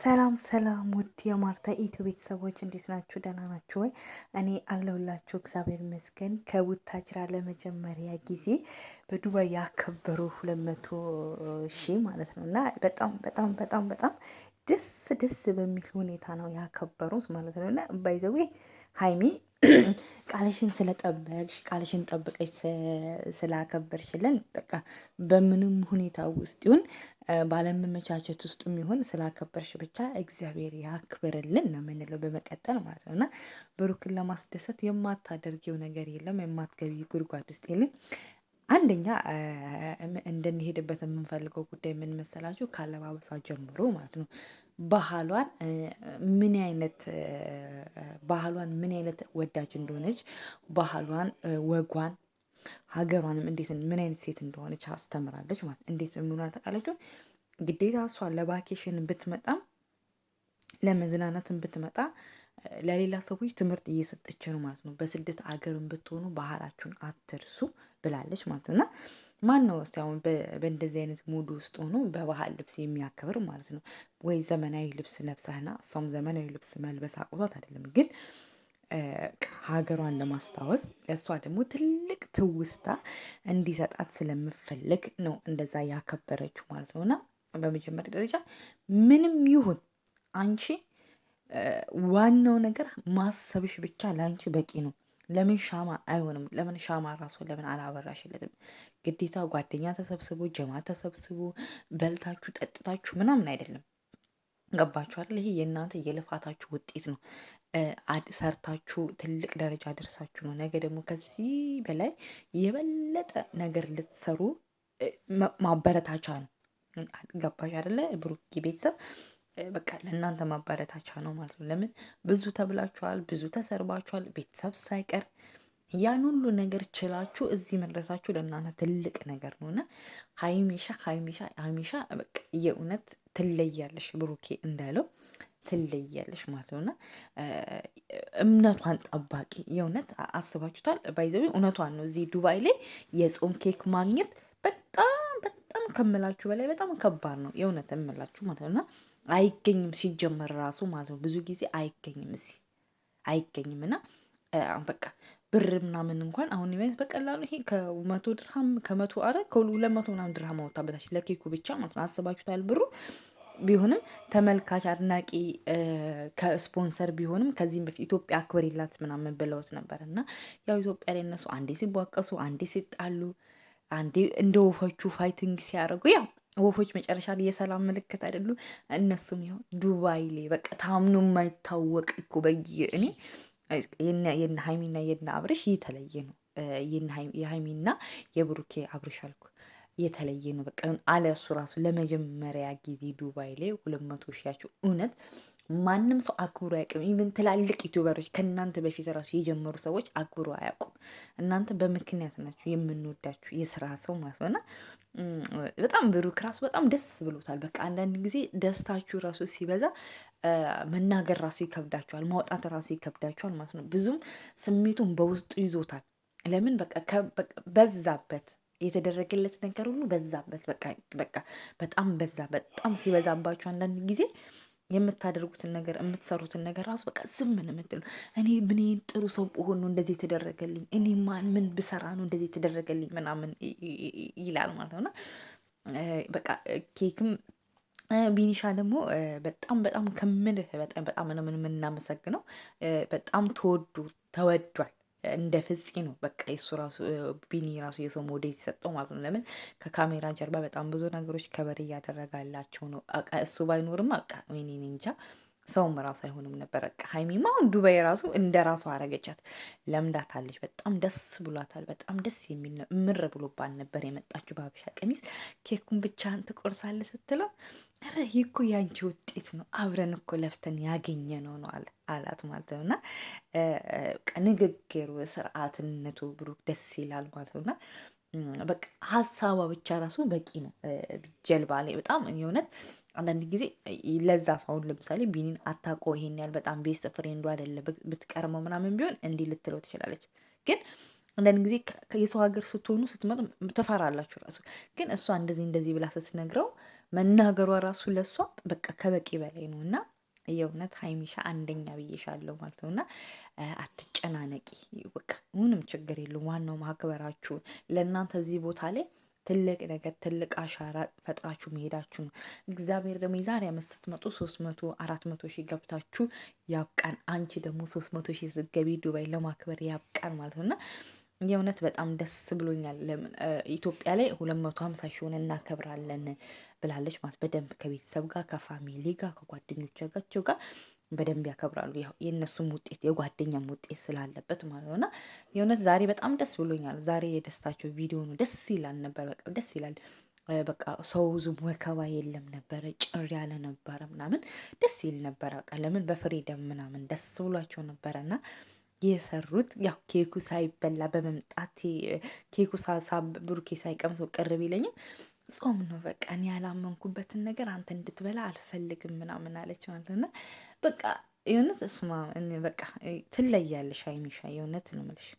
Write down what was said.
ሰላም ሰላም፣ ውድ የማርታ ኢትዮ ቤተሰቦች እንዴት ናችሁ? ደህና ናችሁ ወይ? እኔ አለሁላችሁ እግዚአብሔር ይመስገን። ከቡታጅራ ለመጀመሪያ ጊዜ በዱባይ ያከበሩ ሁለት መቶ ሺህ ማለት ነው እና በጣም በጣም በጣም በጣም ደስ ደስ በሚል ሁኔታ ነው ያከበሩት ማለት ነው። እና ባይዘዌ ሀይሚ ቃልሽን ስለጠበቅሽ ቃልሽን ጠብቀሽ ስላከበርሽልን በቃ በምንም ሁኔታ ውስጥ ይሁን ባለመመቻቸት ውስጥ ይሁን ስላከበርሽ ብቻ እግዚአብሔር ያክብርልን ነው የምንለው በመቀጠል ማለት ነው እና ብሩክን ለማስደሰት የማታደርጊው ነገር የለም፣ የማትገቢ ጉድጓድ ውስጥ የለም። አንደኛ እንድንሄድበት የምንፈልገው ጉዳይ ምን መሰላችሁ? ካለባበሷ ጀምሮ ማለት ነው። ባህሏን ምን አይነት ባህሏን ምን አይነት ወዳጅ እንደሆነች ባህሏን፣ ወጓን፣ ሀገሯንም እንዴት ምን አይነት ሴት እንደሆነች አስተምራለች ማለት እንዴት ምኗን ታውቃላችሁ። ግዴታ እሷ ለቫኬሽን ብትመጣም ለመዝናናትን ብትመጣ ለሌላ ሰዎች ትምህርት እየሰጠች ነው ማለት ነው። በስደት አገርን ብትሆኑ ባህላችሁን አትርሱ ብላለች ማለት ነው። እና ማን ነው እስቲ አሁን በእንደዚህ አይነት ሙድ ውስጥ ሆኖ በባህል ልብስ የሚያከብር ማለት ነው? ወይ ዘመናዊ ልብስ ለብሳና እሷም ዘመናዊ ልብስ መልበስ አቁቷት አይደለም ግን ሀገሯን ለማስታወስ ለእሷ ደግሞ ትልቅ ትውስታ እንዲሰጣት ስለምፈልግ ነው እንደዛ ያከበረችው ማለት ነው። እና በመጀመሪያ ደረጃ ምንም ይሁን አንቺ ዋናው ነገር ማሰብሽ ብቻ ለአንቺ በቂ ነው። ለምን ሻማ አይሆንም? ለምን ሻማ ራሱ ለምን አላበራሽለትም? ግዴታ ጓደኛ ተሰብስቦ ጀማ ተሰብስቦ በልታችሁ ጠጥታችሁ ምናምን አይደለም። ገባችኋል? አይደል? ይሄ የእናንተ የልፋታችሁ ውጤት ነው። ሰርታችሁ ትልቅ ደረጃ ደርሳችሁ ነው። ነገ ደግሞ ከዚህ በላይ የበለጠ ነገር ልትሰሩ ማበረታቻ ነው። ገባሽ አደለ? ብሩክ ቤተሰብ በቃ ለእናንተ ማበረታቻ ነው ማለት ነው። ለምን ብዙ ተብላችኋል፣ ብዙ ተሰርባችኋል፣ ቤተሰብ ሳይቀር ያን ሁሉ ነገር ችላችሁ እዚህ መድረሳችሁ ለእናንተ ትልቅ ነገር ነው እና ሀይሚሻ ሀይሚሻ ሀይሚሻ በቃ የእውነት ትለያለሽ፣ ብሩኬ እንዳለው ትለያለሽ ማለት ነው እና እምነቷን ጠባቂ የእውነት አስባችሁታል። ባይዘዊ እውነቷን ነው። እዚህ ዱባይ ላይ የጾም ኬክ ማግኘት በጣም ከምላችሁ በላይ በጣም ከባድ ነው። የእውነት የምላችሁ ማለት ነው እና አይገኝም ሲጀመር ራሱ ማለት ነው። ብዙ ጊዜ አይገኝም እሲ አይገኝም እና በቃ ብር ምናምን እንኳን አሁን ቢያንስ በቀላሉ ይሄ ከመቶ ድርሃም ከመቶ አረ ከሁለት መቶ ምናምን ድርሃም በታች ለኬኩ ብቻ ማለት ነው። አስባችሁታል ብሩ ቢሆንም ተመልካች አድናቂ ከስፖንሰር ቢሆንም ከዚህም በፊት ኢትዮጵያ አክብር የላት ምናምን ብለውት ነበር እና ያው ኢትዮጵያ ላይ እነሱ አንዴ ሲቧቀሱ አንዴ ሲጣሉ አንዴ እንደ ወፎቹ ፋይቲንግ ሲያደርጉ ያው ወፎች መጨረሻ ላይ የሰላም ምልክት አይደሉ? እነሱም ይኸው ዱባይ ላይ በቃ ታምኖ የማይታወቅ እኮ በየ እኔ የነ ሀይሚና የነ አብርሽ የተለየ ነው። የሀይሚና የብሩኬ አብርሽ አልኩ የተለየ ነው። በቃ አለ እሱ ራሱ ለመጀመሪያ ጊዜ ዱባይ ላይ ሁለት መቶ ሺያቸው እውነት ማንም ሰው አክብሮ አያውቅም። ኢቨን ትላልቅ ዩቱበሮች ከእናንተ በፊት ራሱ የጀመሩ ሰዎች አክብሮ አያውቁም። እናንተ በምክንያት ናችሁ የምንወዳችሁ የስራ ሰው ማለት ነውና በጣም ብሩክ ራሱ በጣም ደስ ብሎታል። በቃ አንዳንድ ጊዜ ደስታችሁ ራሱ ሲበዛ መናገር ራሱ ይከብዳችኋል፣ ማውጣት ራሱ ይከብዳችኋል ማለት ነው። ብዙም ስሜቱን በውስጡ ይዞታል። ለምን በቃ በዛበት የተደረገለት ነገር ሁሉ በዛበት። በቃ በቃ በጣም በዛ። በጣም ሲበዛባችሁ አንዳንድ ጊዜ የምታደርጉትን ነገር የምትሰሩትን ነገር ራሱ በቃ ዝም ምን የምትሉ። እኔ ምን ጥሩ ሰው ብሆን ነው እንደዚህ የተደረገልኝ? እኔ ማን ምን ብሰራ ነው እንደዚህ የተደረገልኝ? ምናምን ይላል ማለት ነውና በቃ ኬክም ቢኒሻ ደግሞ በጣም በጣም ከምልህ በጣም በጣም ነው የምናመሰግነው። በጣም ተወዱ ተወዷል። እንደ ፍፄ ነው። በቃ የሱ ራሱ ቢኒ ራሱ የሰው ሞዴል ሲሰጠው ማለት ነው። ለምን ከካሜራ ጀርባ በጣም ብዙ ነገሮች ከበር እያደረጋላቸው ነው። እሱ ባይኖርም አቃ ወይኔ እንጃ ሰውም ራሱ አይሆንም ነበረ። ሀይሚማ አሁን ዱባይ ራሱ እንደ ራሱ አረገቻት። ለምዳታለች። በጣም ደስ ብሏታል። በጣም ደስ የሚል ነው። ምር ብሎባል ነበር የመጣችው በሀበሻ ቀሚስ። ኬኩን ብቻህን ትቆርሳለህ ስትለው ኧረ ይህ እኮ የአንቺ ውጤት ነው፣ አብረን እኮ ለፍተን ያገኘ ነው ነው አላት ማለት ነው። እና ንግግሩ፣ ስርዓትነቱ ብሩክ ደስ ይላል ማለት ነው እና በቃ ሀሳቧ ብቻ ራሱ በቂ ነው። ጀልባ ላይ በጣም የእውነት አንዳንድ ጊዜ ለዛ ሰውን ለምሳሌ ቢኒን አታቆ ይሄን ያህል በጣም ቤስት ፍሬንዱ አይደለ ብትቀርመው ምናምን ቢሆን እንዲህ ልትለው ትችላለች። ግን አንዳንድ ጊዜ የሰው ሀገር ስትሆኑ ስትመጡ ትፈራላችሁ ራሱ። ግን እሷ እንደዚህ እንደዚህ ብላ ስትነግረው መናገሯ ራሱ ለእሷ በቃ ከበቂ በላይ ነው እና የእውነት ሀይሚሻ አንደኛ ብዬሻለሁ ማለት ነው። እና አትጨናነቂ፣ በቃ ምንም ችግር የለም። ዋናው ማክበራችሁ ለእናንተ እዚህ ቦታ ላይ ትልቅ ነገር ትልቅ አሻራ ፈጥራችሁ መሄዳችሁ ነው። እግዚአብሔር ደግሞ የዛሬ ዓመት ስትመጡ ሶስት መቶ አራት መቶ ሺህ ገብታችሁ ያብቃን። አንቺ ደግሞ ሶስት መቶ ሺህ ስትገቢ ዱባይ ለማክበር ያብቃን ማለት ነው እና የእውነት በጣም ደስ ብሎኛል። ኢትዮጵያ ላይ ሁለት መቶ ሀምሳ ሺውን እናከብራለን ብላለች ማለት በደንብ ከቤተሰብ ጋር ከፋሚሊ ጋር ከጓደኞቻቸው ጋር በደንብ ያከብራሉ። ያው የእነሱም ውጤት የጓደኛም ውጤት ስላለበት ማለት ነው። የእውነት ዛሬ በጣም ደስ ብሎኛል። ዛሬ የደስታቸው ቪዲዮ ነው። ደስ ይላል ነበር። በቃ ደስ ይላል። በቃ ሰው ብዙ ወከባ የለም ነበረ። ጭር ያለ ነበረ ምናምን ደስ ይል ነበረ። በቃ ለምን በፍሬደም ምናምን ደስ ብሏቸው ነበረ እና የሰሩት። ያው ኬኩ ሳይበላ በመምጣት ኬኩ ሳሳ ብሩኬ ሳይቀምሰው ቅርብ ይለኝም ጾም ነው በቃ እኔ ያላመንኩበትን ነገር አንተ እንድትበላ አልፈልግም ምናምን አለች ማለት ነው። በቃ የእውነት እስማ በቃ ትለያለሽ አይሚሻ የእውነት ነው የምልሽ።